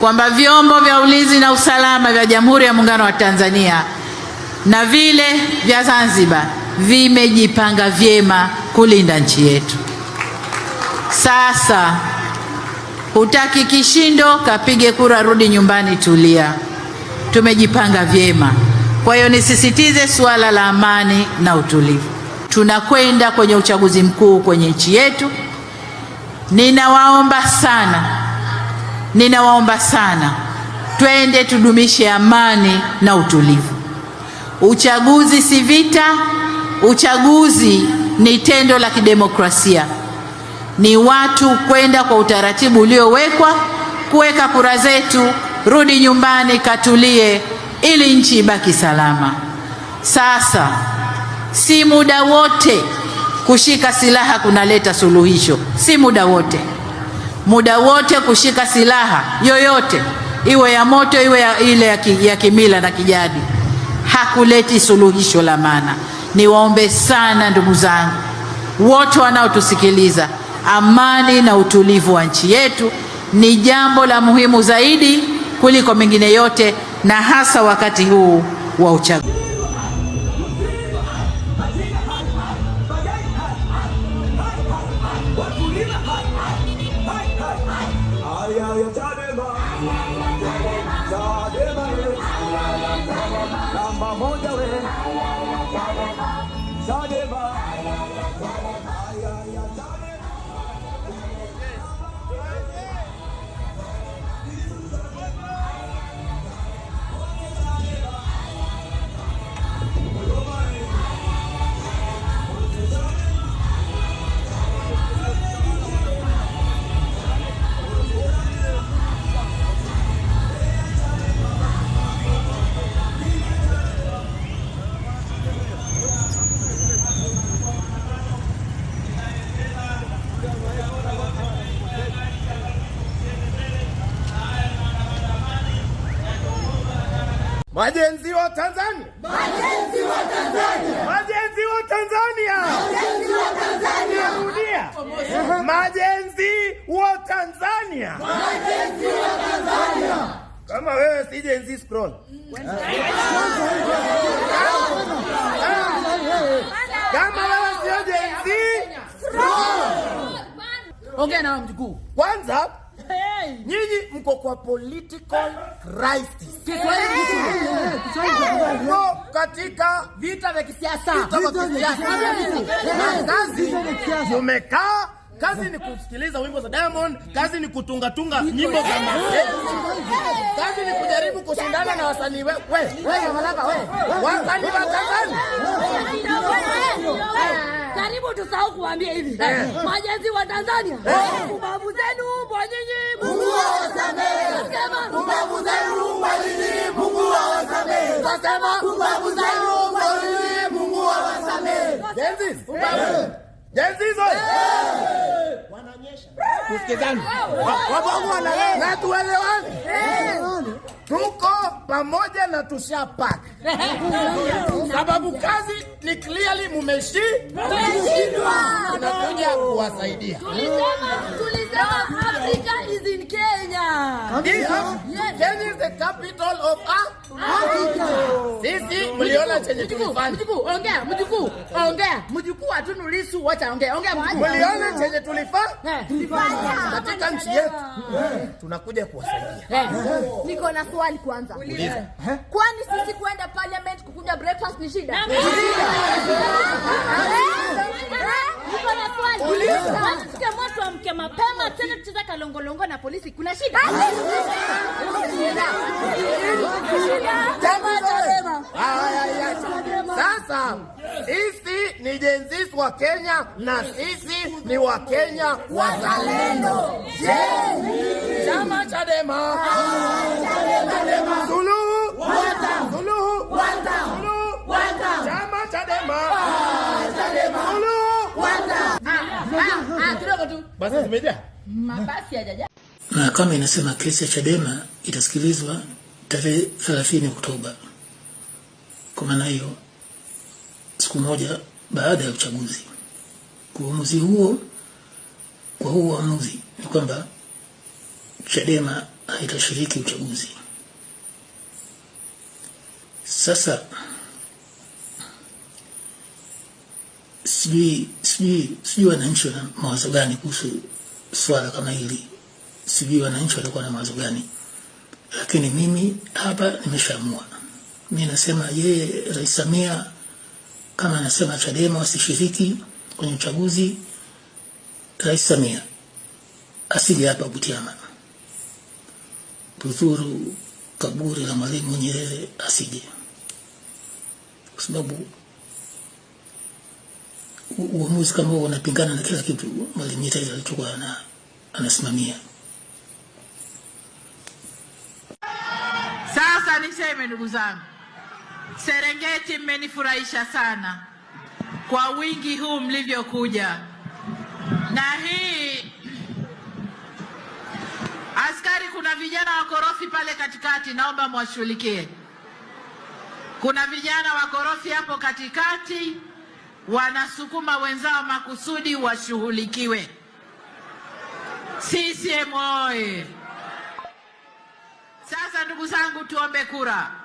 kwamba vyombo vya ulinzi na usalama vya Jamhuri ya Muungano wa Tanzania na vile vya Zanzibar vimejipanga vyema kulinda nchi yetu. Sasa hutaki kishindo, kapige kura, rudi nyumbani, tulia. Tumejipanga vyema. Kwa hiyo nisisitize suala la amani na utulivu. Tunakwenda kwenye uchaguzi mkuu kwenye nchi yetu. Ninawaomba sana Ninawaomba sana twende tudumishe amani na utulivu. Uchaguzi si vita, uchaguzi ni tendo la kidemokrasia, ni watu kwenda kwa utaratibu uliowekwa, kuweka kura zetu, rudi nyumbani, katulie, ili nchi ibaki salama. Sasa si muda wote kushika silaha kunaleta suluhisho, si muda wote muda wote kushika silaha yoyote, iwe ya moto, iwe ya ile ya, ki, ya kimila na kijadi, hakuleti suluhisho la maana. Niwaombe sana ndugu zangu wote wanaotusikiliza, amani na utulivu wa nchi yetu ni jambo la muhimu zaidi kuliko mengine yote, na hasa wakati huu wa uchaguzi. Dadeva, Dadeva, Dadeva, Majenzi wa Tanzania, majenzi wa Tanzania, majenzi wa Tanzania, majenzi wa Tanzania, rudia, majenzi wa Tanzania, majenzi wa Tanzania. Kama wewe si jenzi, scroll kama wewe sio jenzi, scroll. Ongea na mjukuu kwanza nyinyi mko kwa political crisis. Mko katika vita vya kisiasa, vita vya kisiasa. Mumekaa Kazi ni kusikiliza wimbo za Diamond, kazi ni kutunga tunga nyimbo za mapenzi, kazi ni kujaribu kushindana na wasanii we we we wasanii wa Tanzania. Karibu tusahau kuambia hivi majenzi wa Tanzania, ubavu zenu kwa nyinyi, Mungu awasamehe. Ubavu zenu kwa nyinyi, Mungu awasamehe. Kasema ubavu zenu kwa nyinyi, Mungu awasamehe. Tusikizane, tuko pamoja na tushapata, sababu kazi ni clearly mumeshindwa, tunakuja kuwasaidia. Tulisema Africa is in Kenya capital of Africa. Sisi mliona chenye tulifanya. ongea, mjukuu, ongea. Mjukuu Atunu Lissu wacha ongea. Ongea mjukuu. Mliona chenye tulifanya? Eh, katika nchi yetu. Tunakuja kuwasaidia. Eh, niko na swali kwanza. Eh? Kwani sisi parliament kukunywa breakfast ni shida? Niko na swali kuja mapema tena kucheza kalongolongo na polisi, kuna shida? Sasa sisi ni jenzis wa Kenya na sisi ni wa Wakenya wazalendo. Je, chama Chadema basi eh. zimejaa mabasi hajajaa. Mahakama inasema kesi ya Chadema itasikilizwa tarehe 30 Oktoba, kwa maana hiyo siku moja baada ya uchaguzi. Kwa uamuzi huo, kwa huo uamuzi ni kwamba Chadema haitashiriki uchaguzi. Sasa sijui sijui sijui wananchi wana mawazo gani kuhusu swala kama hili, sijui wananchi walikuwa na mawazo gani, lakini mimi hapa nimeshaamua. Mimi nasema yeye, Rais Samia kama anasema Chadema wasishiriki kwenye uchaguzi, Rais Samia asije hapa Butiama kudhuru kaburi la Mwalimu Nyerere, asije kwa sababu uamuzi kama huo unapingana na kila kitu Mwalimu Nyerere alichokuwa na anasimamia. Sasa niseme, ndugu zangu, Serengeti mmenifurahisha sana kwa wingi huu mlivyokuja, na hii askari, kuna vijana wakorofi pale katikati, naomba mwashughulikie. Kuna vijana wakorofi hapo katikati wanasukuma wenzao makusudi washughulikiwe. CCM oye! Sasa ndugu zangu, tuombe kura.